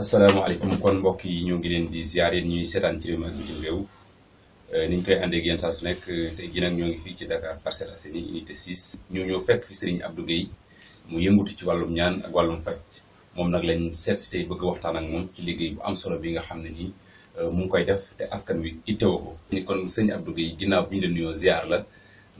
asalaamaaleykum kon mbokk yi ñoo ngi leen di ziar yéen ñuy seetaan ci réew mi ak bitim réew eh, ni ñu koy àndee ak yéen su nekk te jii nag ñoo ngi fii ci Dakar Parcelles Assainies unité 6. ñoo ñëw fekk fi Serigne Abdou Guèye mu yëngutu ci wàllum ñaan wàllum faj moom nag lañ seet si tey bëgg waxtaan ak moom ci liggéey am solo bi nga xam ne nii eh, mu ngi koy def te askan wi itteewoo ko. kon sëñ Abdou Guèye ginnaaw bi leen leen nuyoo ziar la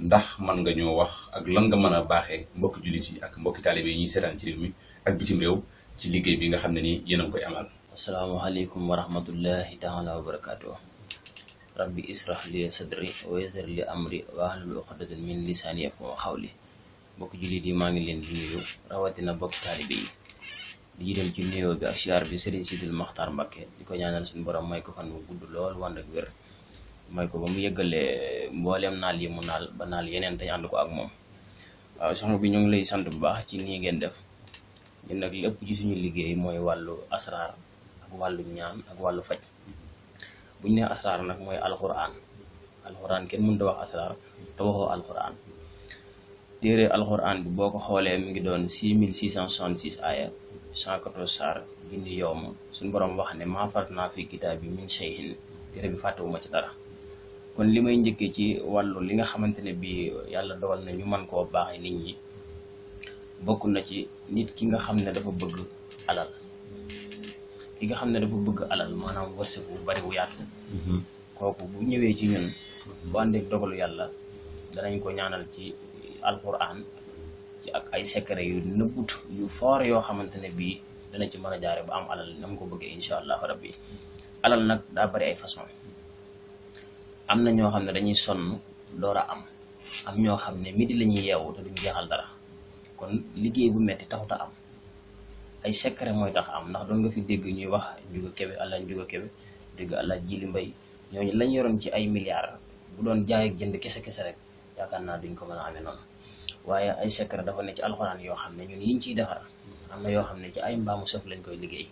ndax man nga ñoo wax ak lan nga mën a baaxee mbokki jullit yi ak mbokki taalibe yi ñuy seetaan ci réew mi ak bitim réew ci liggéey bi nga xam ne ni yéen a koy amal asalaamaaleykum wa rahmatullahi taala wa barakatuh rabbi israh li sadri wa yassir li amri wa ahlul uqdatan min lisani yafqahu qawli bokk julit yi maa ngi leen di nuyu rawatina bokk taalibe yi di dem ci nuyoo bi ak siyaar bi sëriñ sidul maxtaar mbakke di ko ñaanal suñu borom may ko fan mu gudd lool wànd ak wér may ko ba mu yëggalee mbooleem naal yi mu naal ba naal yeneen te ànd ko ak moom waaw soxna bi ñu ngi lay sant bu baax ci nii ngeen def ñun nag li ci suñu liggéey mooy wàllu asraar ak wàllu ñaan ak wàllu faj buñ ne asraar nag mooy alquran alquran kenn mënta wax asraar te waxoo alquran téere alquran bi boo ko xoolee mi ngi doon 6666 aya 114 saar gindi yow ma suñ borom wax ne maa farat naa fi kitaab bi min shayhin téere bi ma ci dara kon li may njëkkee ci wàllu li nga xamante bi yàlla dogal na ñu man koo baaxee nit ñi bokk na ci nit ki nga xam ne dafa bëgg alal ki nga xam ne dafa bëgg alal maanaam wërsëg bu bari bu yaatu mhm. kooku bu ñëwee ci ñun bu àndeek dogalu yàlla danañ ko ñaanal ci alquran ak ay secret yu nëbbut yu foor yoo xamante ne bii dana ci man a jaare ba am alal na ko bëggee incha allahu rabbi alal nag daa bari ay façon am na ñoo xam ne dañuy sonn door a am am ñoo xam ne midi la ñuy yeewu te duñ jeexal dara kon liggéey bu metti taxut ta am ay secret mooy tax am ndax doon nga fi dégg ñuy wax njuga kebe allah njuga kebe dégg allah jili mbay ñooñu lañ yoroon ci ay milliard bu doon jaay ak jënd kese kese rek yaakaar naa duñ ko mën a amee noonu waaye ay secret dafa ne ci alxuraan yoo xam ne ñun yiñ ciy defar am na yoo xam ne ci ay mbaamu sëf lañ koy liggéey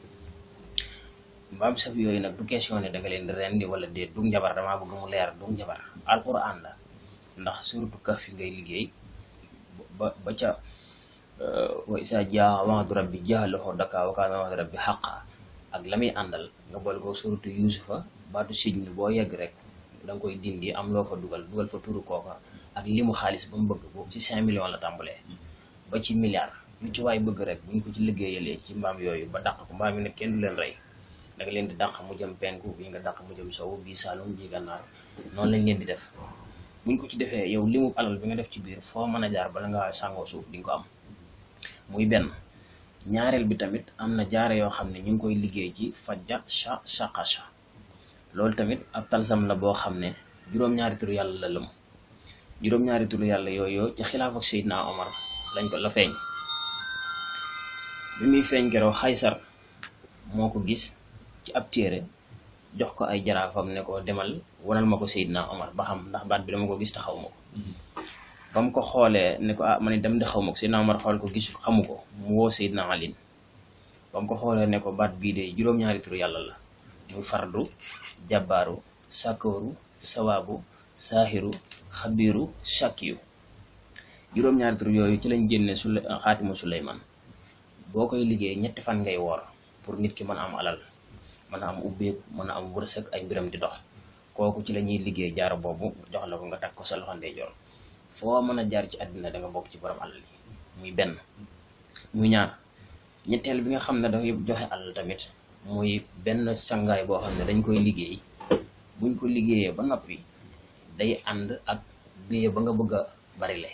mbaam sëf yooyu nag du question ne da nga leen rendi wala déet du njabar dama bëgg mu leer du njabar alxuraan la ndax surtout kaf fi ngay liggéey ba ba ca Eh, wa isa jaa wa'du rabbi ja'alahu dakka wa kaana wa'du rabbi haqqan ak la muy àndal nga boole ko suratu yusufa baatu sijn boo yegg rek da koy dindi am loo fa dugal dugal fa turu kooka ak limu xaalis ba mu bëgg bu ci 5 millions la tàmbalee ba ci milliard lu ci waay bëgg rek buñ ko ci liggéeyalee ci mbaam yooyu ba dàq ko mbaam yi nag kenn du leen rey da nga leen di dàq mu jëm penku bi nga dàq mu jëm sow bii saalum bii gànnaar noonu lañ leen ko ci defee yow limu alal bi nga def ci biir foo mën a jaar bala ngaa sàngoo suuf di ko am muy benn ñaareel bi tamit am na jaare yoo xam ne ñu ngi koy liggéey ci faja sha shaqasha loolu tamit ab talsam la boo xam ne juróom-ñaari turu yàlla la lëm juróom-ñaari turu yàlla yooyu ci xilaaf ak Seydina Omar lañ ko la feeñ bi muy feeñ keroo xaysar moo ko gis ci ab téere jox ko ay jaraafam ne ko demal wanal ma ko Seydina Omar ba xam ndax baat bi dama ko gis taxaw ma ko Bamko ko xolé ne ko ah man itam de xawmako sayna Omar ko gis xamu ko mu wo Seydina Ali bam ko xolé ne ko bat bi de juróom-ñaari turu yalla la muy fardu jabaru sakkooru sawabu sahiru khabiru shakiyu juróom-ñaari turu yoyu ci lañu génne su ah, xaatimu Suleyman boo koy fan ngay wor pour nit ki man am alal man am ubbe man am wursak ay biram di dox koku ci lañuy ñuy jaar bobu jox la ko nga tak ko sa loxande jor foo mën a jaar ci àddina da bokk ci borom alal muy benn muy ñaar ñetteel bi nga xam ne dafay joxe alal tamit muy benn sangaay boo xam ne dañ koy liggéey buñ ko liggéeyee ba noppi day ànd ak béye ba nga bëgg a barile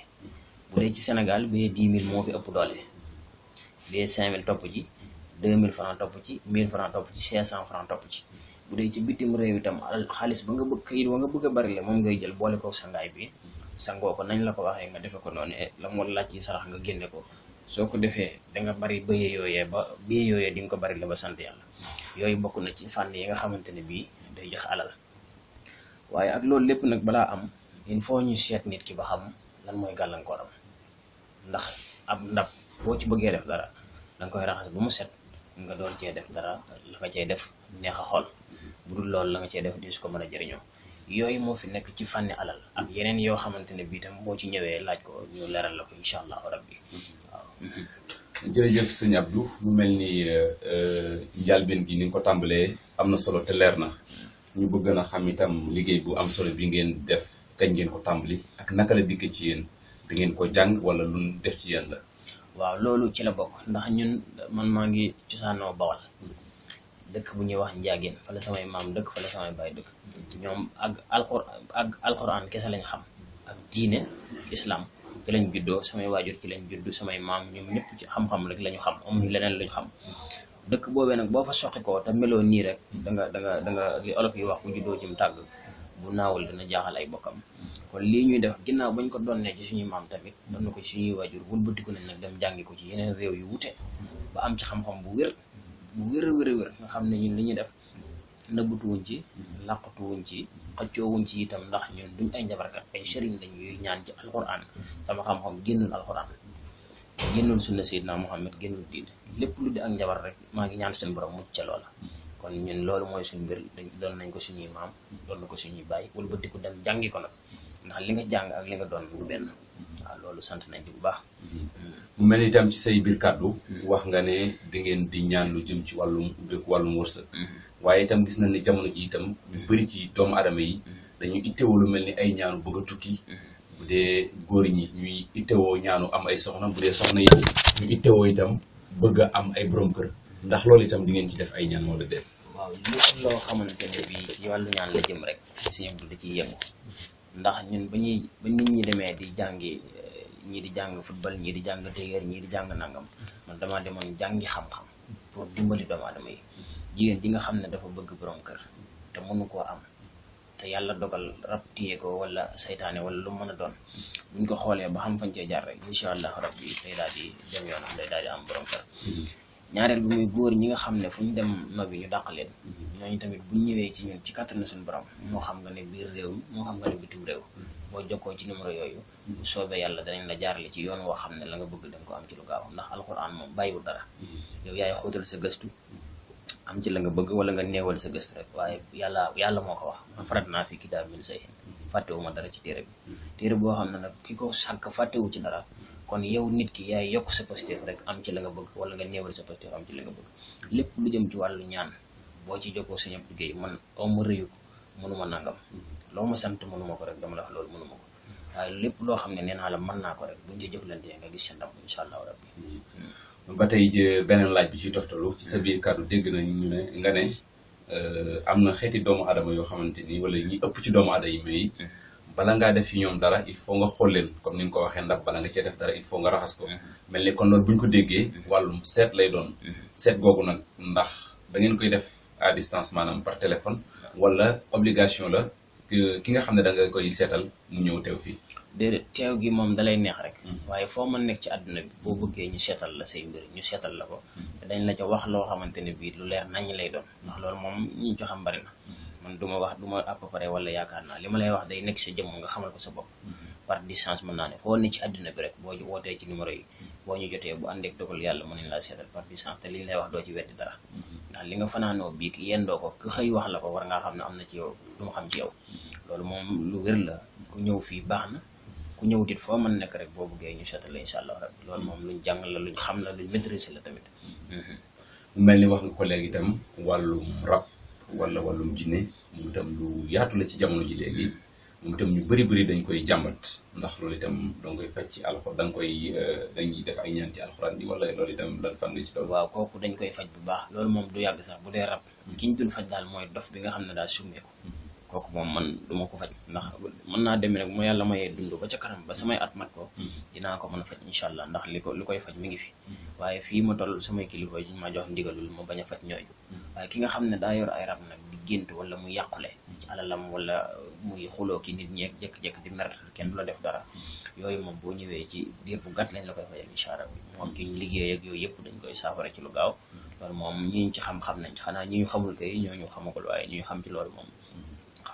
bu dee ci Sénégal béye dix mille moo fi ëpp doole béye cinq mille topp ci deux mille franc topp ci mille franc topp ci cinq cent franc topp ci bu dee ci bitim réew itam alal xaalis ba nga bëgg kayit ba nga bëgg bari le moom ngay jël boole ko bi sango ko nañ la ko waxe nga defe ko noonu la mu la ci sarax nga genné ko soko ko da nga bari bëye yoyé ya, ba bëye yoyé ya, di nga ko bari la ba sant yalla yoy bokku na ci fànn yi ya, nga xamanteni bi day jox alal waye ak lool lepp nak bala am il faut ñu sét nit ki ba xam lan mooy gàllankooram ndax ab ndab bo ci bëggé def dara da nga koy raxas bu mu set nga door ci def dara la nga ci def neexa xol budul lool la nga ci def di ko mëna yooyu moo fi nekk ci fànni alal ak yeneen yoo xamante ne bii tam boo ci ñëwee laaj ko ñu leeral la ko incha allah rabbi waaw. jërëjëf sëñ Abdou mu mel ni euh, euh, njàlbeen gi ni ko tàmbalee am na solo te leer na ñu bëgg na xam itam liggéey bu am solo bi ngeen def kañ ngeen ko tàmbali ak naka la dikkee ci yéen bi ngeen ko jàng wala lu def ci yen la. waaw loolu ci la bokk ndax ñun man maa ngi cosaanoo Bawal. dëkk bu ñuy wax njaageen fa samay maam dëkk fa la samay baay dëkk ñoom ak alxur ak alxuraan kese lañ xam ak diine islam ci lañ juddoo samay waajur ci lañ juddu samay maam ñoom ñëpp ci xam-xam rek la ñu xam amuñu leneen lañu xam dëkk boobee nag boo fa soqi koo te meloo nii rek da nga da nga da olof yi wax bu juddoo ci mu tàgg bu naawul dina jaaxal ay bokkam kon lii ñuy def ginnaaw bañ ko doon ne ci suñuy maam tamit doon na ko ci suñuy waajur wëlbatiku nañ nag dem jàngi ko ci yeneen réew yu wute ba am ci xam bu wér bu wér wér nga xam ne ñun li ñuy def nëbbatuwuñ ci làqatuwuñ ci wuñ ci itam ndax ñun duñ ay njabarkat ay sëriñ lañ ñuy ñaan ci alxuraan sama xam-xam génnul alxuraan génnul sunna Seydina Muhammad génnul diine lépp lu di ak njabar rek maa ngi ñaan suñu borom mucc ca loola kon ñun loolu mooy suñu mbir dañ doon nañ ko suñuy maam doon na ko suñuy baay wala bëtiku dem jàngi ko nag ndax li nga jàng ak li nga doon benn waaw ah, loolu sant nañ ci bu baax. mu mel ni itam ci say biir kàddu. wax nga ne di ngeen di ñaan lu jëm ci wàllum ubbeeku wàllum wërsëg. waaye itam gis nañ ne jamono ji itam ñu bëri ci doomu aadama yi. dañu ittewoo lu mel ni ay ñaanu bëgg a tukki. bu dee góor ñi ñuy ittewoo ñaanu am ay soxna bu dee soxna yi ñu ittewoo itam bëgg a am ay borom kër ndax loolu itam di ngeen ci def ay ñaan wala déet. waaw lépp loo xamante ne bii ci wàllu ñaan la jëm rek si ñoom du ci yëngu. ndax ñun ba ñuy ba nit ñi demee di jàngi eh, ñii di jàng football ñii di jàng téyeer ñii di jàng nangam man damaa demoon jàngi xam-xam pour dimbali doomu aadama yi jigéen ji nga xam ne dafa bëgg borom kër te mënu koo am te yàlla dogal rab téye ko wala saytaane wala lu mën a doon buñ ko xoolee ba xam fañ cee jaar rek incha allah rabbi day daal di dem day daal di am borom kër ñaareel bi muy góor ñi nga xam ne fu ñu dem nobi ñu dàq leen mhm. ñooñu tamit bu ñëwee ci ñun ci kàttan na suñu borom moo xam nga ne biir réew mi moo xam nga ne bitim réew mhm. boo jokkoo ci numéro yooyu bu soobee yàlla danañ la jaarale ci yoon woo xam ne la nga bëgg da ko am ci lu gaaw ndax alxuraan moom bàyyiwul dara mhm. yow yaay xóotal sa gëstu am ci la nga bëgg wala nga néewal sa gëstu rek waaye yàlla yàlla moo ko wax farat naa fi daal min say fàttewuma dara ci téere bi téere boo xam ne nag ki ko sàkk fàttewu ci dara kon yow nit ki yaay yokk sa positif rek am ci la nga bëgg wala nga néewal sa positif am ci la nga bëgg lépp lu jëm ci wàllu ñaan boo ci jokkoo sañu liggéey man aw ma rëyu mënuma nangam loo ma sant mënuma ko rek dama la wax loolu mënuma ko waaye lépp loo xam ne nee naa la mën naa ko rek buñ ci jëflantee nga gis sa ndam incha allahu rabbi hmm. ba tey beneen laaj bi ci toftalu ci sa biir kàddu dégg nañ ne nga ne euh, am na xeeti doomu aadama yoo xamante ni wala ëpp ci doomu aadama yi bala ngaa def fi ñoom dara il faut nga xool leen comme ni nga ko waxee ndax bala nga cee def dara il faut nga raxas ko mm-hmm. mel ni kon loolu bu ñu ko déggee mm-hmm. wàllum seet lay doon mm-hmm. seet googu nag ndax da ngeen koy def à distance maanaam par téléphone wala obligation la ki nga xam ne da koy seetal mu ñëw teew fii déedéet teew gi moom dalay neex rek waaye foo mën nekk ci àdduna bi boo bëggee ñu seetal la say mbir ñu seetal la ko dañ la ca wax loo xamante ne bii lu leer nañ lay doon ndax loolu moom ñi ci xam bari man duma wax duma app paré wala yaakaar na lima lay wax day nek sa jëm nga xamal ko sa bop mhm. par distance man na ne foo ni ci aduna bi rek boo wootee ci numéro yi mhm. bo ñu jotee bu àndeeg dogal yalla mo ni la sétal par distance té li lay wax do ci wéddi dara mhm. da li nga fanano bi ki yendo ko ku xey wax la ko war nga xam amna ci yow lu mu xam ci yow lolu mom lu wër la ku ñew fi baxna ku ñew dit fo man nek rek boo buggee ñu sétal la incha allah rabbi loolu moom luñ jàng la luñu xam la luñu maîtriser la tamit mel ni wax nga ko léegi itam walum rap wala wàllum jinne moom tam lu yaatu la ci jamono ji léegi moom itam ñu bëri bëri dañ koy jàmbat ndax lool itam danga koy faj ci alxuraan da nga koy euh, dañuy def ay ñaan ci alxuraan bi wala loolu itam lan fan nga ci doon. waaw kooku dañ koy faj bu baax loolu moom du yàgg sax bu dee rab hmm. ki ñu dul faj daal mooy dof bi nga xam ne daa summeeku hmm. kooku mom man duma ko fajj ndax man na demé rek mo yalla maye dund ba ca karam ba samay at mat ko dina ko mëna fajj inshallah ndax liko likoy fajj mi ngi fi waye fi ma toll samay kilifa yi ma jox ndigalul ma baña fajj ñoy waye ki nga xam da yor ay rab nak di gént wala mu yaqulé ci alalam wala muy xulo ki nit ñek jek jek di mer kenn du la def dara yoy mom bo ñëwee ci diir bu gàtt lañ la koy fajj inshallah allah moom ki ñu liggéey ak yoy yépp dañ koy saafara ci lu gaaw loolu mom ñi ñu ci xam-xam nañ xana ñi ñu xamul kay ñoo ñu xamagul waye ñi ñu xam ci lool mom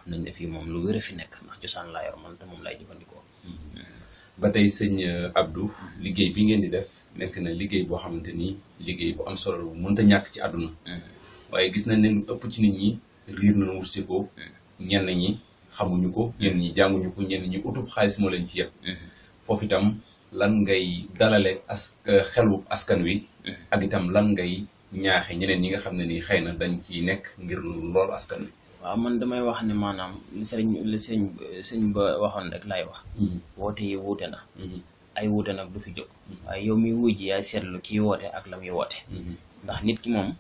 nañ def yi moom lu wér fi nekk ndax cosaan laa yor man te moom lay jëfandikoo ba tey sëñ euh, abdou liggéey bi ngeen di def nekk na liggéey boo xamante ni liggéey bu am solo bu mënta ñàkk ci àdduna mm-hmm. waaye gis nañ ne lu ëpp ci nit ñi riir na wursi ko mm-hmm. ñenn ñi xamuñu ko ñenn ñi jànguñu ko ñenn ñi utub xaalis moo leen ci yëpp mm-hmm. foofu itam lan ngay dalale as euh, xelu askan wi ak itam lan ngay ñaaxe ñeneen ñi nga xam ne ni xëy na dañ ci nekk ngir lool askan wi waaw man damay wax ne maanaam li sëriñ li sëriñ sëriñ ba waxoon rek laay wax. Mhm. woote yi wuute na. Mhm. ay wuute nag du fi jóg. Mhm. waaye yow mi wuy ji yaay seetlu kii woote ak la muy woote. ndax nit ki moom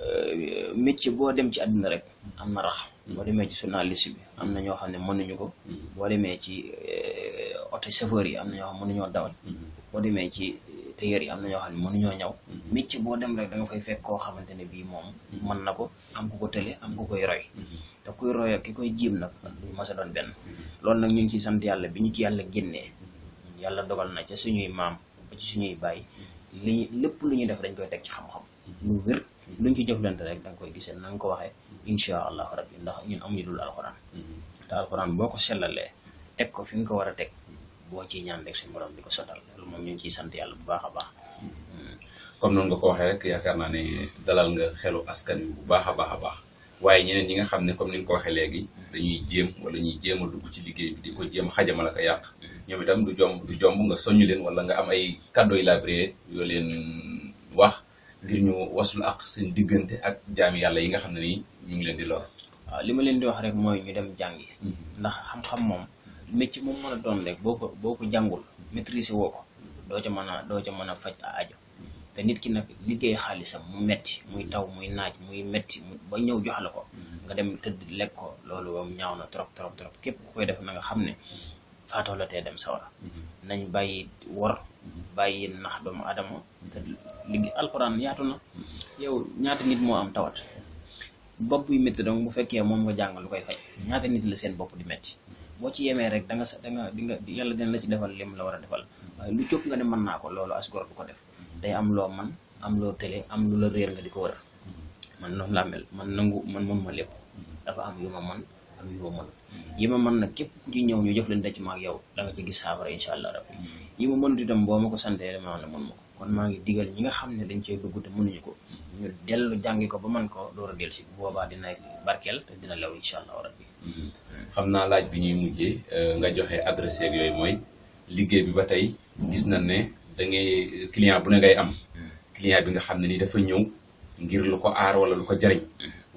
euh, métier boo dem ci àddina rek am na rax. boo demee ci journaliste bi am na ñoo xam ne mënuñu ko. boo demee ci auto euh, chauffeur yi am na ñoo xam ne mënuñoo dawal. boo demee ci tailleur yi am na ñoo xam ne mënuñoo ñëw mhm. métier boo dem rek da nga fay fekk koo xamante ne bii moom man mhm. na ko am ku ko tële am ku koy roy mhm. te kuy roy ak ki koy jiim nag duñu masa doon benn loolu nag ñu ngi ciy sant yàlla bi ñu ci yàlla génnee yàlla dogal na ca suñuy maam suñuy baay li lépp lu ñuy def dañ koy teg ci xam-xam lu wér lu ñu ci rek danga koy gisee na nga ko waxee insha allahu rabbi ndax ñun amuñu dul alxuraan te alxuraan boo ko sellalee teg ko fi nga ko war a teg boo ci ñaan rek suñu borom di ko sotal moom ñu ngi ciy sant yàlla bu baax a baax. Mm. comme noonu nga ko waxee rek yaakaar naa ne dalal nga xelu askan wi bu baax a baax a baax waaye ñeneen ñi nga xam ne comme ni nga ko waxee léegi dañuy jéem wala ñuy jéem a dugg ci liggéey bi di ko jëm a xajamal ak a yàq mm-hmm. ñoom itam du jomb du jomb nga soññu leen wala nga am ay kàddu yu yoo leen wax ngir ñu waslu ak seen diggante ak jaami yàlla yi nga xam ne nii ñu ngi leen di lor. li ma leen di wax rek mooy ñu dem jàngi. Mm-hmm. ndax xam-xam metti mu meuna don rek boko boko jangul maîtriser woko do doo ca mën a ca a a te nit ki nak liggey xalissam mu metti muy taw muy naaj muy metti ba ñew jox la ko nga dem tëdd lek ko lolu moom ñawna na trop trop trop kep ku koy def nga xamne faato la te dem sawra mm-hmm. nañ bayyi wor mm-hmm. bayyi nax doomu adama te liggey alquran yaatuna na yow ñaata nit mo am tawat bop bu metti dong bu fekke mom nga jangal lu koy fajj ñaata nit la seen bop di metti bo ci yeme rek da nga da nga di nga yàlla dina la ci defal lim la wara defal lu jóg nga ne man naa ko loolu as gor ko def day am lo man am lo télé am lu la reer nga diko wara man non la mel man nangu man mun ma lepp dafa am yuma man am yuma man yima man nak kep nag képp ci ñëw ñu jëf leen ci maag yow da nga ci gis saafara inshallah rabbi yima man di dem boo mako ko dama na mun ma ko kon ma ngi digal ñi nga xamne dañ cey dugg te mënuñu ko ñu delu jàngi ko ba man ko door del ci boba dina barkel te dina law inshallah rabbi xam naa laaj bi ñuy mujjee euh, nga joxe adresse yooyu mooy liggéey bi ba tey gis na ne da ngay client bu ne ngay am client bi nga xam ne ni dafa ñëw ngir lu ko aar wala lu ko jariñ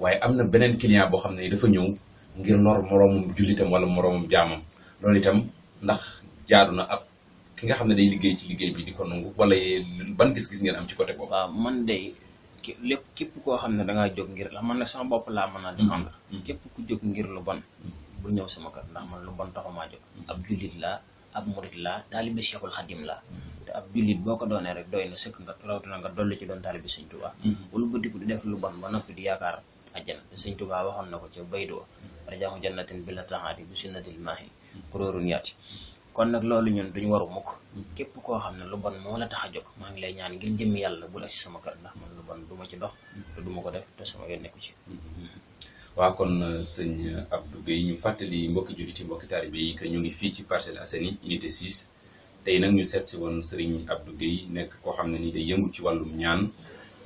waaye am na beneen client boo xam ne ni dafa ñëw ngir lor moroomum jullitam wala moroomum jaamam loolu itam ndax jaadu na ab ki nga xam ne day liggéey ci liggéey bi di ko nangu wala ban gis-gis ngeen am ci côté boobu. man de lépp képp koo xam ne danga jóg ngir la man na sama bopp laa mën a défendre mm-hmm. képp ku jóg ngir lu bon mm-hmm. bu ñëw sama kër ndax man lu bon taxumaa jóg mm-hmm. ab jullit la ab murit laa taalibe Cheikhul Xadim laa te ab jullit boo ko doonee rek doy na sëkk nga rawatina nga dolli ci doon taalibe Sëñ Tuubaa wala bëddiku di def lu bon ba noppi di yaakaar na ko ca baydu wa rajaahu jannatin bila taxaati bu sinnatil maahi yaati kon nak loolu ñun duñ waru mukk képp ko xamne lu bon mo la tax a jóg ngi lay ñaan ngir jëm yalla bu la ci sama kër ndax man lu bon duma ci dox te duma ko def te sama yoon nekku ci waa kon euh, sëñ Abdou Gueye ñu fàttali mbokki juliti mbokk taalibe yi ke ñu ngi fi ci Parcelles Assainies unité 6 tay nak ñu seet si woon sëriñ Abdou Gueye nek ko xamne ni day yëngu ci walum ñaan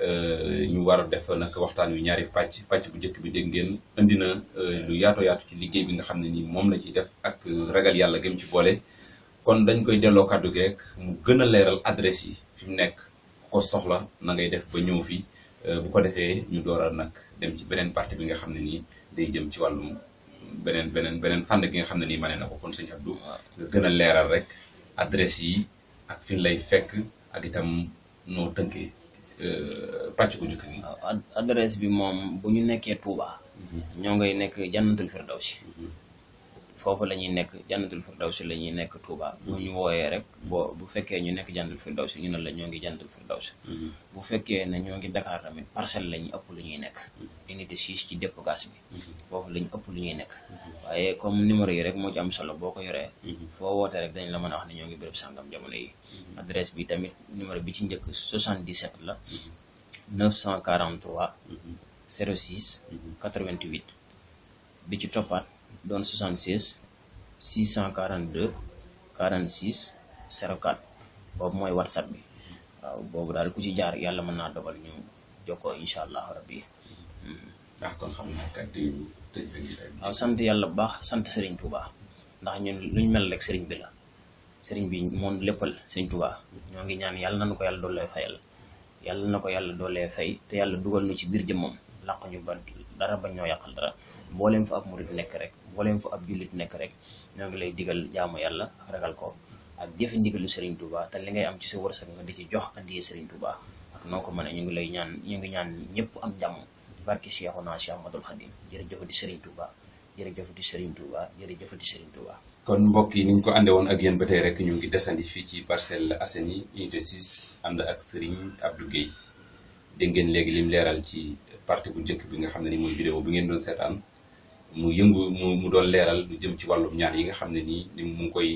euh, ñu war def nak waxtaan yu ñaari pàcc pàcc bu jëk bi deg ngeen andina na euh, lu yaato yaatu ci liggéey bi nga xamne ni mom la ci def ak ragal yalla gem ci bolé kon dañ koy delloo kaddu gi mu gën a leeral adresse yi fi mu nekk ko soxla na ngay def ba ñëw fi euh, bu ko defee ñu dooral nag dem ci beneen partie bi nga xam ne nii day jëm ci wàllum beneen beneen beneen fànn gi nga xam ne nii mane ko kon sëñ Abdou nga gën a leeral rek adresse yi ak fi lay fekk ak itam noo tënkee euh, pàcc ko njëkk gi adresse bi moom bu ñu nekkee Touba mhm. ñoo ngay nekk jannatul foofu la ñuy nekk jànnatul firdawsi la ñuy nekk Touba mm-hmm. bu ñu wooyee rek boo bu fekkee ñu nekk jànnatul firdawsi ñu ne la ñoo ngi jànnatul firdawsi mm-hmm. bu fekkee ne ñoo ngi dakaar tamit parcelle la ñu ëpp lu ñuy nekk mm-hmm. unité 6 ci dépôt gaz bi foofu la ñu ëpp lu ñuy nekk waaye comme numéro yi rek moo ci am solo boo ko yoree foo woote rek dañ la mën a wax ne ñoo ngi béréb sàngam jamono yi adresse bi tamit numéro bi ci njëkk 77 la 943 06 88 bi ci toppaat don 76 642 46 04 boobu moy whatsapp ah, bi waaw boobu daal ku ci jaar yàlla mën naa ñu jokkoo insha rabbi ndax kon xam naa kàddu yu sant sant Touba ndax ñun luñ mel rek bi la bi Touba ñoo ngi ñaan nañu ko fayal yàlla na fay te nu ci biir jëmmam làq ñu ba dara bañ ñoo dara mbolem fa ab murit nek rek mbolem fa ab julit nek rek ñoo ngi lay digal jaamu yalla ak ragal ko ak jëfe ndigal Serigne Touba ta li ngay am ci sa wërsëg nga di ci jox andi Serigne Touba ak noko mané ñu ngi lay ñaan ñu ngi ñaan ñepp am jamm barki Cheikhuna Cheikh amadou Khadim di Serigne Touba di Serigne Touba di Serigne Touba kon mbokk yi ni ñu ko andé won ak yeen batay rek ñu ngi desandi fi ci Parcelles Assainies unité 6 and ak Serigne Abdou Guèye de ngeen légui lim léral ci parti bu jëk bi nga xamné ne ni mooy vidéo bi ngeen doon sétane mu yëngu mu mu doon leeral lu jëm ci wàllum ñaan yi nga xam ne ni mu ngi koy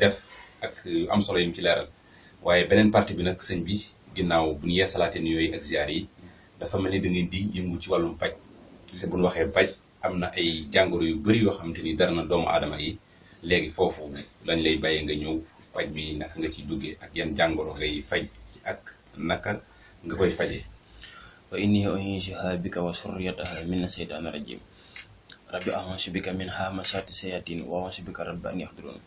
def ak am solo yim ci leeral waaye beneen partie bi nak sëñ bi ginnaaw bu ñu yeesalaatee ni yooyu ak ziar yi dafa mel ni da ngeen di yëngu ci wàllum paj te bu ñu waxee paj am na ay jàngoro yu bëri yoo xamante ni dara na doomu aadama yi léegi foofu lañ lay bàyyee nga ñëw paj bi naka nga ci duggee ak yan jàngoro ngay faj ak naka nga koy fajee wa inni uhiisuha bika wa surriyataha min sayyidina rajim rabbi a'udzu bika min hamasati sayyidin wa a'udzu bika rabbi yahdurun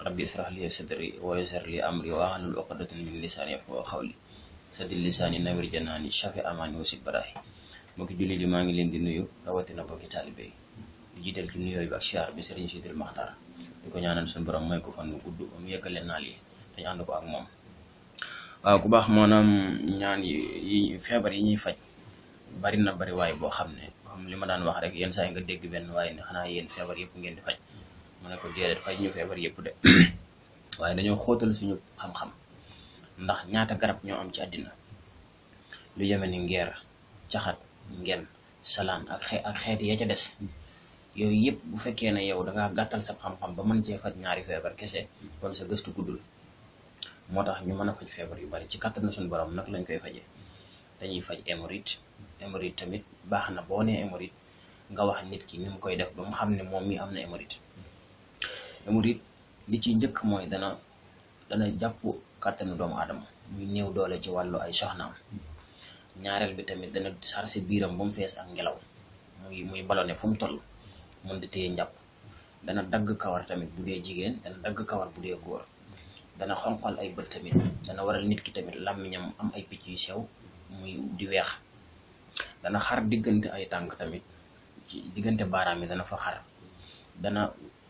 rabbi israh li sadri wa yassir li amri wa ahlul 'uqdatan min lisani yafqahu qawli sadil lisani nawir janani shafi amani wa sibrahi. mbokki julli di mangi len di nuyu rawatina bokki taalibe di jital ci nuyu bi shar bi serigne sidil makhtar. Diko ñaanal sun borom may ko fan gudd ba ya mu yeggale naal yi dañu anu ko ak mom. Wa ku bax monam ñaan yi febar yi ñi faj bari na bari way bo xamne comme li ma daan wax rek yenn saa nga dégg benn waaye ne xanaa yéen feebar yëpp ngeen di faj mu ne ko déedéet faj ñu feebar yëpp de waaye dañoo xóotal suñu xam-xam ndax ñaata garab ñoo am ci àddina lu yeme ni ngeer caxat ngeen salaan ak xe ak xeeti ya ca des yooyu yëpp bu fekkee ne yow da ngaa gàttal sa xam-xam ba mën cee faj ñaari feebar kese kon sa gëstu guddul moo tax ñu mën a faj feebar yu bari ci kàttan suñu borom nag lañ koy ya faje dañuy faj émorite ya hémorroïde tamit baxna bo ne nee nga wax nit ki nim koy def bam xamne mom mi amna na hémorroïde li ci ñëk moy dana dana jàpp kàttanu doom adam muy néew doole ci walu ay soxna ñaarel bi tamit dana sarse biram ba mu fees ak ngelaw muy muy balone fu mu toll mën di téye ñap dana dag kawar tamit bu dee jigen dana dag kawar bu dee goor dana xonxal ay bët tamit dana waral nit ki tamit làmmiñam am ay picc yu sew muy di weex dana xar diggante ay tànk tamit diggante baaraam yi dana fa xar dana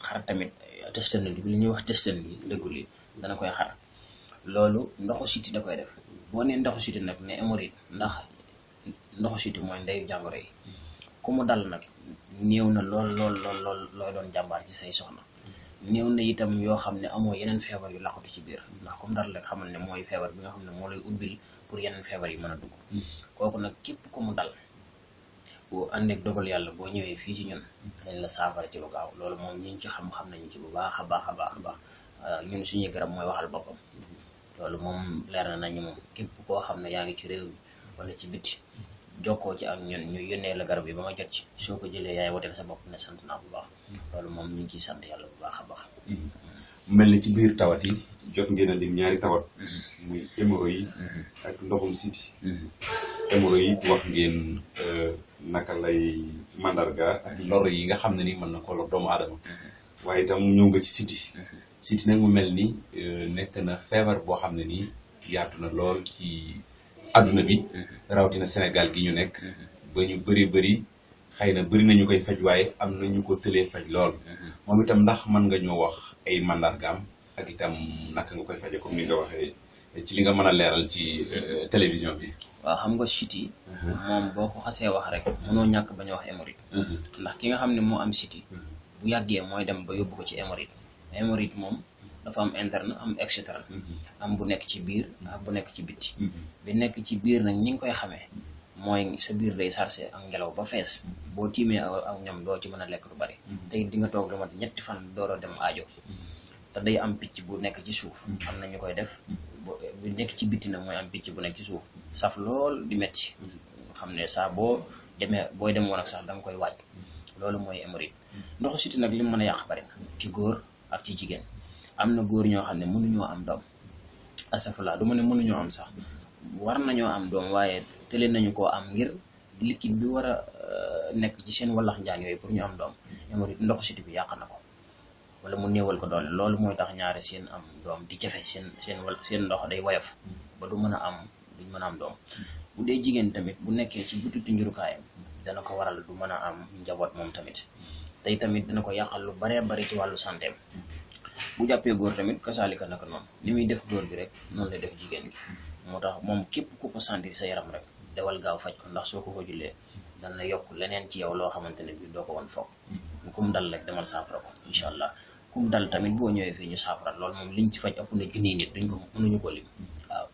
xar tamit testane bi li ñuy wax testane bi dëggul yi dana koy xar loolu ndoxu siti da koy def boo nee ndoxu siti nag ne hémorroïde ndax ndoxu siti mooy ndeyu jàngoro yi ku mu dal nag néew na lool lool lool lool looy doon jàmbaar ci say soxna néew na itam yoo xam ne amoo yeneen feebar yu laqatu ci biir ndax comme dara rek xamal ne mooy feebar bi nga xam ne moo lay ubbil pour yenn feebar yi mën a dugg kooku nag képp ku mu dal boo àndeek dogal yàlla boo ñëwee fii ci ñun dañ la saafara ci lu gaaw loolu moom ñi ci xam-xam nañu ci bu baax a baax a baax baax euh, ñun suñuy garab mooy waxal boppam loolu moom leer na nañu moom képp koo xam ne yaa ngi ci réew wala ci biti jokkoo ci ak ñun ñu yónnee la garab yi ba jot ci soo ko jëlee yaay woteel sa bopp ne sant naa bu baax loolu moom ñu ngi sant yàlla bu baax a baax mm-hmm. mel na ci biir tawat yi jot ngeen a lim ñaari tawat mm-hmm. muy hémorroïde mm-hmm. ak ndoxum siti mm-hmm. hémorroïde wax ngeen euh, naka lay mandarga ak lor yi nga xam ne ni mën na ko lor doomu aadama waaye itam ñëw nga ci siti siti nag mu mel ni euh, nekk na feebar boo xam ne nii yaatu na lool ci àdduna bi rawatina senegal gi ñu nekk ba ñu bëri bëri xëy na bëri nañu koy faj waaye am na ñu ko tëlee faj lool. Mm-hmm. moom itam ndax man nga ñu wax ay mandargaam ak itam naka nga koy faje comme ni nga waxee ci li nga mën a leeral ci euh, télévision bi. waaw xam nga siti mm-hmm. moom boo ko xasee wax rek. mënoo ñàkk bañ wax hémorroïde. Mm-hmm. ndax ki nga xam ne moo am siti bu yàggee mooy dem ba yóbbu ko ci hémorroïde hémorroïde moom. dafa am interne am externe. am bu nekk ci biir ak bu nekk ci bitti. bi nekk ci biir nag ñi ngi koy xamee. moy sa bir day sarse ak ngelaw ba fees bo timé ak ñom do ci mëna lek lu bari mm-hmm. te di nga tok lu mat ñetti fan dooro dem aajo mm-hmm. te day am picc bu nekk ci suuf mm-hmm. am na koy def bu nekk ci biti na moy am picc bu nekk ci suuf saf lool di metti xamné sa bo démé boy dem won ak sax dang koy wajj loolu moy émorite ndox ci nag li mu mën a bari na ci goor ak ci jigen amna goor ño xamné mënu ñu am doom asafala duma ne mënu ñu am sax war nañu am doom waaye tële nañu koo am ngir liquide bi war a nekk ci seen wallax njaan yooyu pour ñu am doom hémorroïde ndoxu siti bi yàq na ko wala mu néewal ko doole loolu mooy tax ñaare seen am doom di jafe seen seen wal seen ndox day woyof ba du mën a am duñ mën a am doom bu dee jigéen tamit bu nekkee ci butitu njurukaayam dana ko waral du mën a am njaboot moom tamit tey tamit dina ko yàqal lu bare bare ci wàllu santeem bu jàppee góor tamit kasaalika naka noonu ni muy def góor bi rek noonu lay def jigéen gi moo tax moom képp ku ko sentir sa yaram rek dawal gaaw faj ko ndax soo ko ko jullee dana la yokk leneen ci yow loo xamante ne bi doo ko won foog kum dal rek demal saafara ko incha allah kum dal tamit boo ñëwee fii ñu saafara loolu moom liñ ci faj ëpp na junniy nit duñ ko mënuñu ko lim waaw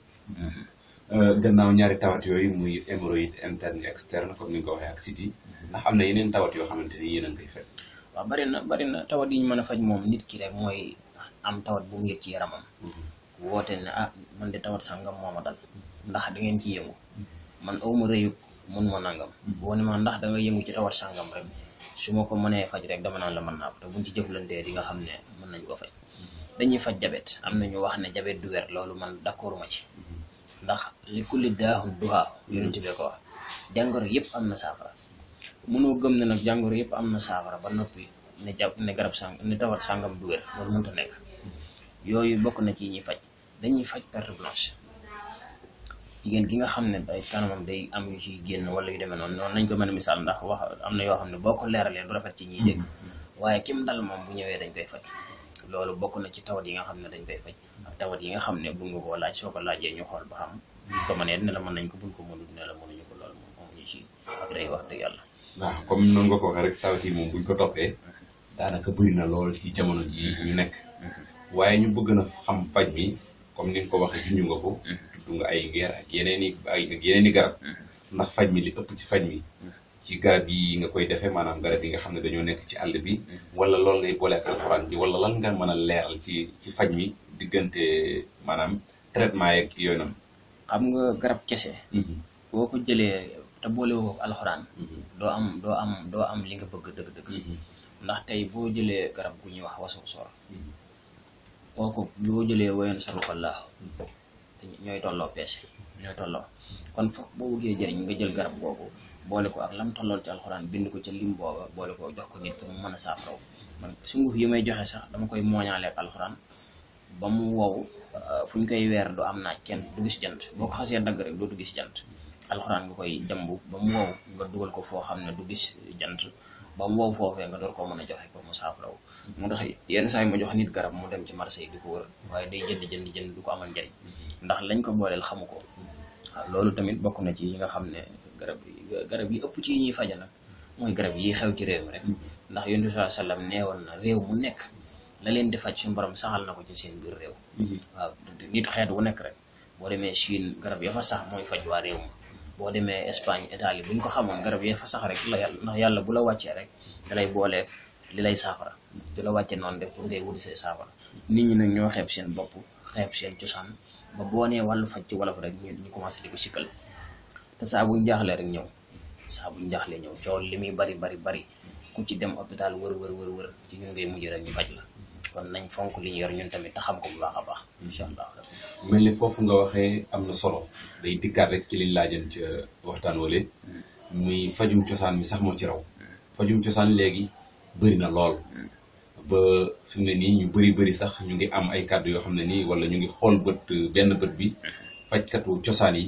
gannaaw ñaari tawat yooyu muy hémorroïde interne externe comme ni nga ko waxee ak city ndax am na yeneen tawat yoo xamante ni yéen a ngi waaw bari na bari na tawat yi ñu mën a faj moom nit ki rek mooy ah, am tawat bu mu yëg ci yaramam hmm wote ne ah man de tawat sangam moo ma dal ndax da ngeen ci yëngu man awma reyuk mun ma nangam bo ne ma ndax da nga yëngu ci tawat sangam rek suma ko mënee faj rek dama naan la man naa te buñ ci jëflante di nga xamne nañ ko faj dañuy faj jabet am na wax ne jabet du wer lolu man d'accord ma ci ndax li kulli daahun duha ci be ko wax jàngoro yëpp am na mënoo gëm ne nag jangor am na ba nopi ne jàpp ne garab sang ne tawat sangam du lolu mën ta nek yooyu bokk na ci ñi faj dañuy faj perte blanche jigéen gi nga xam ne day kanamam day am yu ciy génn wala yu demee noonu noonu nañ ko mën a misaal ndax wax am na yoo xam ne boo ko leeralee du ci ñiy dégg mm-hmm. waaye kim moom bu ñëwee dañ koy faj loolu bokk na ci tawat yi nga xam ne dañ koy faj ak tawat yi nga xam ne buñ nga koo laaj soo ko laajee ñu xool ba xam buñ ko mënee dina nañ ko buñ ko mënut dina la moom amuñu wax dëgg yàlla waaw comme ko waxee rek tawat yi ko toppee daanaka bëri na lool ci jamono ji ñu nekk mm-hmm. waaye ñu bëgg na xam faj mi comme ni nga ko waxee junj nga ko. Mm-hmm. nga ay ngeer ak yeneen i ay yeneen i garab. Mm-hmm. ndax faj mi li ëpp ci faj mi. Mm-hmm. ci garab yi nga koy defee maanaam garab yi nga xam ne dañoo nekk ci àll bi. wala loolu ngay boole ak alxuraan bi wala lan nga mën a leeral ci ci faj mi diggante maanaam traitement yeeg yooyu noonu. xam nga garab kese. boo ko jëlee te boole woo alxuraan. doo am doo am doo am li nga bëgg dëgg-dëgg. ndax tey boo jëlee garab gu ñuy wax wasu soor. kooku boo jëlee wayoon sarukallah ñooy tolloo peese ñooy tolloo kon foofu boo bëggee jëriñ nga jël garab googu boole ko ak lam tollool ci alxuraan bind ko ca lim booba boole ko jox ko nit ki mu mën a saafaraw man sunguf yi may joxe sax dama koy mooñaaleeg alxuraan ba mu wow euh, fu ñu koy weer du am naaj kenn du gis jant boo ko xasee dagg rek dootu gis jant alxuraan nga koy jëmb ba mu wow nga dugal ko foo xam ne du gis jant ba wow foofee nga door koo mën a joxe pour mu saafaraw mu tax yenn saa yi jox nit garab mu dem ci marché yi di ko wër waaye day jënd jënd jënd du ko amal njariñ ndax lañ ko booleel xamu ko waaw loolu tamit bokk na ci yi nga xam ne garab yi ëpp ci ñuy faja nag mooy garab yi xew ci réew mi rek ndax yonent bi sallam neewoon na réew mu nekk la leen di faj suñu borom saxal na ko ci seen biir réew mhm. waaw nit xeet wu nekk rek boo demee Chine garab yoo fa sax mooy faj waa réew mi boo demee Espagne Italie bu ñu ko xamoon garab yi fa sax rek la yàlla ndax yàlla bu la wàccee rek da lay boolee li lay saafara di la wàccee noonu def pour ngay wuti say saafara nit ñi nag ñoo xeeb seen bopp xeeb seen cosaan ba boo nee wàllu faj ci wolof rek ñu ñu commencé di ko sikkal te saa buñ jaaxlee rek ñëw saa buñ jaaxlee ñëw coow li muy bari bari bari ku ci dem hôpital wër wër wër wër ci ñun ngay mujj rek ñu faj la kon nañ fonk li ñu yor ñun tamit te xam ko bu baax a baax insha allah mel ni foofu nga waxee am na solo day dikkaat rek ci liñ laajan ca waxtaan wale muy fajum cosaan mi sax moo ci raw fajum cosaan léegi bëri na lool ba fi mu ne nii ñu bëri bëri sax ñu ngi am ay kàddu yoo xam ne nii wala ñu ngi xool bët benn bët bi fajkatu cosaan yi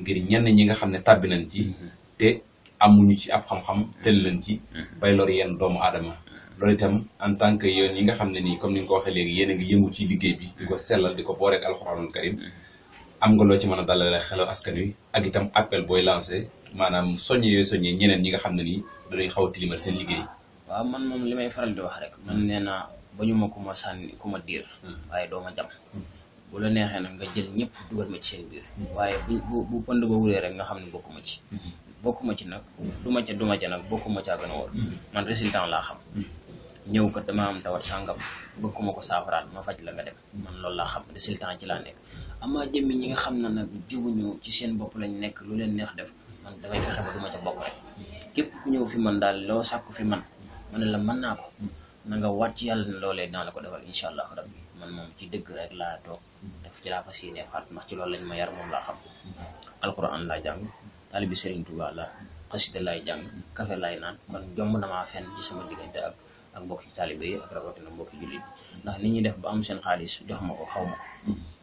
ngir ñenn ñi nga xam ne tàbbi nañ ci te amuñu ci ab xam-xam tel nañ ci bay lor yenn doomu aadama loolu itam en tant que yooyu yi nga xam ne nii comme ni nga ko waxee léegi yéen a ngi yëngu ci liggéey bi di ko sellal di ko booreeg alxuraanul karim mm-hmm. am nga loo ci mën a dalale xelu askan wi ak itam appel booy lancé maanaam soññe yooyu soññe ñeneen ñi nga xam ne nii dañuy xaw a tilimal seen liggéey waaw man moom may faral di wax man mm-hmm. nee naa ba ñu ma ku ma sànni ku mm-hmm. waaye doo ma jam bu la neexee nag nga jël ñëpp dugal ma ci seen biir waaye bu bu pënd ba wuree rek nga xam ne bokk ma ci bokk ma ci nag du ma ca du ma ca nag bokku ma caa a wóor man laa ñëw ko dama am tawat sangam bëgg ko saafaraat ma faj la nga dem man loolu laa xam sultan ci laa nekk ama jëmmi ñi nga xam ne nag jubuñu ci seen bopp lañ nekk lu leen neex def man damay fexe ba duma ca bokk rek képp ku ñëw fi man daal loo sàkku fi man ma ne la mën naa ko na nga waat ci yàlla ne loolee naa la ko defal insha allahu rabbi man moom ci dëgg rek laa toog def ci laa fas yéene faat ndax ci loolu lañ ma yar moom laa xam alquran laa jàng talibi sëriñ tuba la xasida laay jàng kafe laay naan kon jomb na maa fenn ci sama diggante ak ak mbokki talibé yi ak na mbokki julit ndax ni ñi def ba am seen xaaliss jox mako ko xaw ma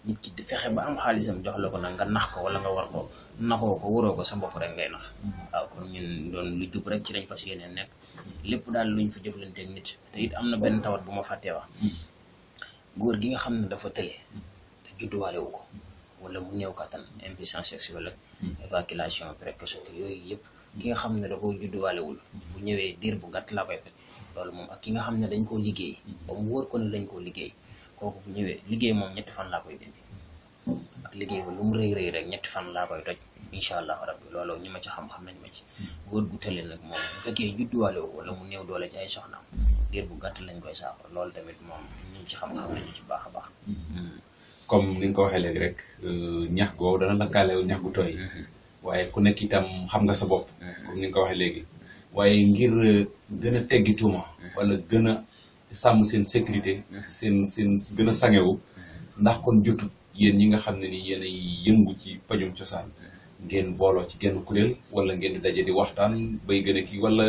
nit ki fexé ba am xaalissam jox la ko nag nga nax ko wala nga war ko naxoo ko waroo ko sa mbokk rek ngay nax waaw kon ñun doon li jub rek ci lañ fas yeneen nekk lépp daal luñ fa ak nit te it am na benn tawat bu ma fàttee wax góor gi nga xam ne dafa tële te judduwaale wu ko wala mu néew kattan impuissance sexuelle ak évaculation précoce yooyu yépp ki nga xam ne da ko wul bu ñëwee diir bu gàtt la koy fekk loolu moom ak ki nga xam ne dañ koo liggéey ba mu ko ne koo liggéey kooku bu ñëwee liggéey moom ñetti fan laa koy dindi liggéey ba lu mu rëy rëy rek ñetti fan laa koy toj incha allahu rabbi loolu ñi ma ci xam-xam nañ ma ci góor gu tële nag moom bu fekkee judduwaale ko wala mu néew doole ci ay soxnaam diir bu gàtt lañ koy saafara lool tamit moom ñu ci xam-xam nañu ci baax baax comme ni nga ko waxee léegi rek euh, ñax googu dana la kaalew ñax gu tooy mm-hmm. waaye ku nekk itam xam nga sa bopp mm-hmm. ni nga ko waxee léegi waaye ngir gën a walla tuuma gën a sàmm seen sécurité seen seen gën a sangewu ndax kon jotut yéen ñi nga xam ne ni yéen ay yëngu ci pajum cosaan ngeen booloo ci genn kuréel wala ngeen di daje di waxtaan bay gën kii wala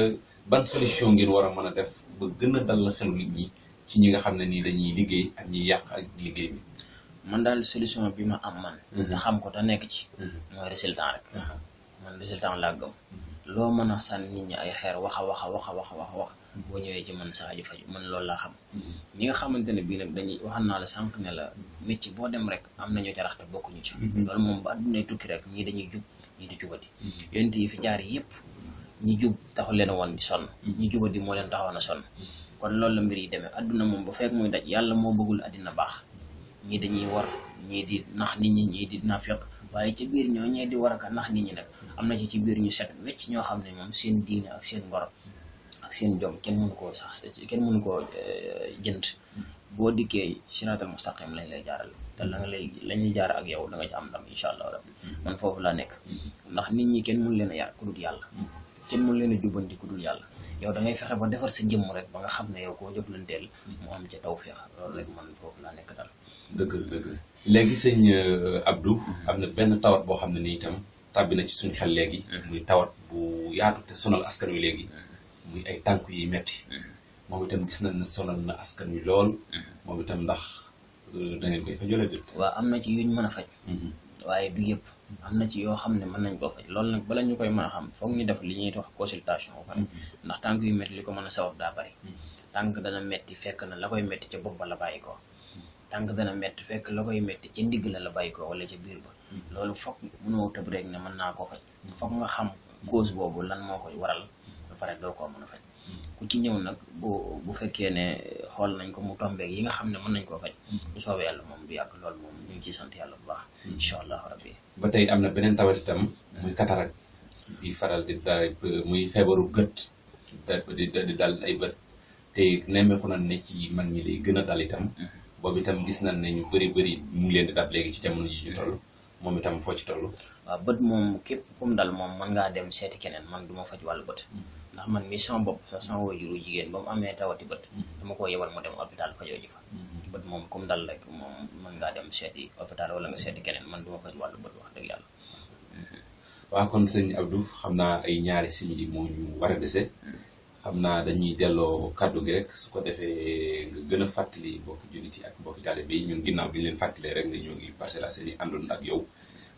ban solution ngir war a mën a def ba gën a dal xelu nit ñi ci ñi nga xam ne nii dañuy liggéey ak ñi yàq ak liggéey bi man daal solution bi ma am man mhm. te xam ko ta nekk ci mhm. mooy résultat rek mhm. man résultat laa gëm loo mën a sànni nit ñi ay xeer wax a wax a wax a wax a wax wax boo ñëwee ci man saa ji faju man loolu laa xam mm-hmm. ñi nga xamante ne bii nag dañuy waxal naa la sànq ne la nit ci boo dem rek am nañu jarax te bokkuñu ci mm-hmm. loolu moom ba tukki rek ñii dañuy jub ñii di jubati mm-hmm. yonent yi fi jaar yëpp ñi jub taxu leen woon di sonn ñi di moo leen taxoon a sonn kon loolu la mbir yi demee adduna moom ba fekk muy daj yàlla moo bëggul addina baax ñi dañuy war ñi di nax nit ñi ñi di nafiq waye ci biir ñoo ñi di war aka nax nit ñi nak amna ci ci biir ñu set wecc ño xamne mom seen diine ak seen ngor ak seen jom kenn mënu ko sax kenn mënu ko eh, jënd bo dikkee siraatal mustaqim lañ lay jaaral da la nga lay lañ lay jaar ak yow da nga ci am ndam inshallah rabbi man fofu la nek ndax nit ñi kenn mënu leena a yar ku dul yalla kenn mënu leena a ku dul yalla yow da ngay fexé ba defar sa jëm rek ba nga xam yow ko jëflantel mo am ci tawfiq lool rek man fofu la nek dal dëgg dëgg léegi sëñ euh, Abdou. am na benn tawat boo xam ne nii itam tàbbi na ci suñu xel léegi. Mmh. muy tawat bu yaatu te sonal askan wi léegi. Mmh. muy ay tànk yi metti mmh. moom itam gis nañ ne sonal na askan wi lool. moom itam ndax euh, da ngeen koy fajole déet. waaw am na ci yuñ mën a faj. waaye du yëpp am na ci yoo xam ne mën nañ koo faj loolu nag bala ñu koy mën a xam foog ñu def li ñuy wax consultation ba pare ndax tànk yu metti li ko mën a sabab daa bari. tànk dana metti fekk na la koy metti ca bopp ba la bàyyi ko. tànk dana métti fekk la koy ci ndigg la la bàyyi ko wala biir hmm. loolu foog mënoo tëb rek ne mën naa ko faj foog nga xam cause boobu lan moo koy waral ba pare doo koo mën a faj hmm. ku ci ñëw nag bu bu fekkee ne xool nañ ko mu tombeeg yi nga xam ne mën nañ koo faj hmm. bu soobee yàlla moom du yàgg loolu moom ñu ngi sant yàlla bu baax incha allah rabbi ba tey am na beneen tawat itam muy katarak di faral di daal muy feebaru gët di dal ay bët te nemeeku na ne ci mag ñi lay gën a dal boobu itam gis nañ ne ñu bëri mu ngi leen te dab léegi ci jamono ji ñu toll moom itam foo ci toll waaw bët moom képp kum dal moom mën ngaa dem seeti keneen man du ma faj wàllu bët hmm. ndax man mi sama bopp sa sama wajuru jigéen ba mu amee tawati bët hmm. dama ko yebal mu dem hôpital fajoo ji hmm. moom kum dal rek mën ngaa dem seeti hôpital wala nga seeti keneen man du ma faj wàllu bët wax waaw kon sëñ Abdou xam naa ay ñaari simili moo ñu dese xam naa dañuy delloo kaddu gi rek su ko defee nga gën a fàttali mbokki jullit yi ak mbokki taalibe yi ñun ginnaaw bi ñu leen fàttalee rek ne ñoo ngi i àndoon ak yow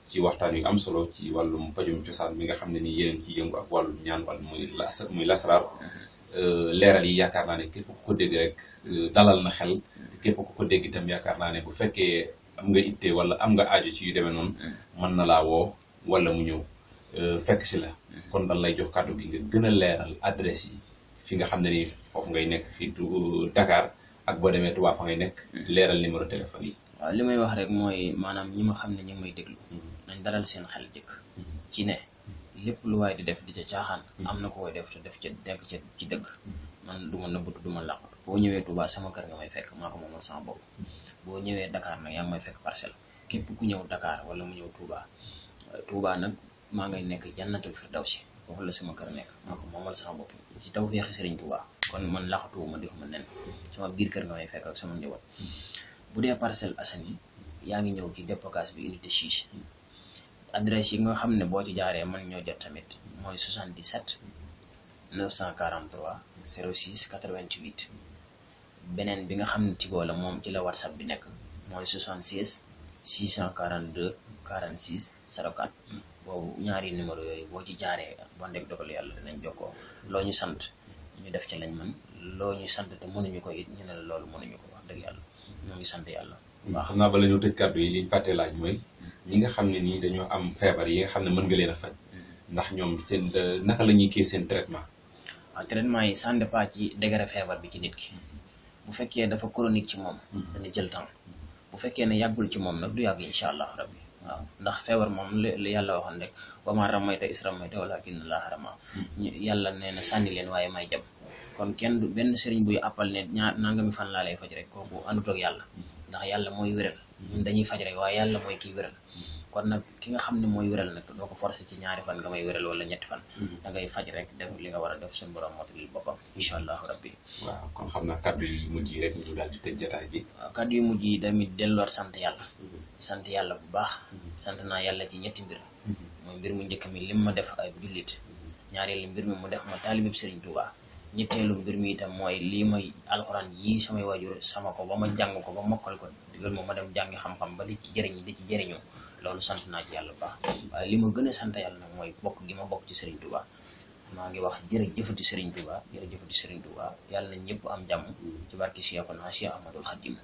ci waxtaan yu am solo ci wàllum pajum cosaan mi nga xam ne ni yéen ci yëngu ak wàllum ñaan wàll muy muy lasraar mm-hmm. leeral yi yaakaar naa ne képp ko dégg rek euh, na xel mm-hmm. képp ku yaakaar naa ne bu fekkee am nga wala am nga aajo ci yu noonu mm-hmm. mën na laa woo wala mu ñëw euh, fekk si la kon dañ lay jox kàddu gi nga gën leeral adresse yi fi nga xam ne nii foofu ngay nekk fi du uh, Dakar ak boo demee Touba fa ngay nekk mm-hmm. leeral numéro téléphone yi waaw li may wax rek mooy maanaam ñi ma xam ne ñu may déglu mm-hmm. nañ dalal seen xel jëkk mm-hmm. ci ne lépp lu waay di def di ca caaxaan am na ko koy def te def ca nekk ca ci dëgg man du ma nëbbatu du ma làqatu boo ñëwee Touba sama kër nga may fekk maa ko moomal sama bopp boo ñëwee Dakar nag yaa ngi may fekk parcelle képp ku ñëw Dakar wala mu ñëw Touba Touba nag maa ngay nekk jannatul firdawsi foofu la sama kër nekk man ko moomal sama bopp ci taw feexi sëriñ bu baax kon man laxatuwu ma defuma nen sama biir kër nga may fekk ak sama njaboot bu dee parcelle asan yi yaa ngi ñëw ci dépocace bi unité 6 adresse yi nga xam ne boo ci jaaree man ñoo jot tamit mooy 77 943 06 88 beneen bi nga xam ne tigoo la moom ci la whatsapp bi nekk mooy 76 642 46 04 boobu ñaari numéro yooyu boo ci jaaree bon deg dogal yàlla dinañ jokkoo loo ñu sant ñu def ci lañ man loo ñu sant te mënuñu ko it ñu ne la loolu mënuñu ko wax dëgg yàlla ñu ngi sant yàlla waaw xam naa bala ñu tëj kàddu yi liñ fàttee laaj mooy ñi yi nga xam ne mën nga leen a faj ndax ñoom seen naka la ñuy kii seen traitement waaw traitement yi ça dépend ci degré feebar bi ci nit ki bu fekkee dafa chronique ci moom hmm. dana jël temps bu fekkee ne yàggul ci moom nag du yàgg incha allah rabbi waaw ndax feebar moom li yàlla waxoon rek wa maa ramayta is ramayta walaakinna laaha ramaa yàlla nee na sànni leen waaye may jam kon kenn benn sëriñ buy appal ne ñaar nangami fan laa lay faj rek kooku àndut ak yàlla ndax yàlla mooy wéral mm-hmm. ñun dañuy faj rek waaye yàlla mooy kii wéral kon nag ki nga xam ne mooy wéral nag doo ko forcé ci ñaari fan nga may wéral wala ñetti fan hmm. da ngay faj rek def li nga war a def suñu borom motalil boppam insha allahu rabbi waaw kon xam kaddu yu mujj yi rek ñu daal di tëj jataay bi kaddu yu mujj yi tamit delloor sant yàlla hmm. sant yàlla bu baax hmm. sant naa yàlla ci ñetti mbir mooy mbir mu njëkk mi ma def ay jullit ñaareelu mbir mi mu def ma taalibib sëriñ tubaa ñetteelu mbir mi itam mooy lii may alxuraan yii samay sama ko ba ma jàng ko ba mokkal ko digal ma ma dem jàngi xam-xam ba di ci jëriñ di ci loolu sant naa yàlla bu baax waaye li ma gën a sant yàlla nag mooy bokk gi ma bokk ci Serigne Touba maa ngi wax jërëjëfati Serigne Touba jërëjëfati Serigne Touba yàlla na ñëpp am jàmm ci barki Cheikhouna Cheikh Ahmadoul Khadim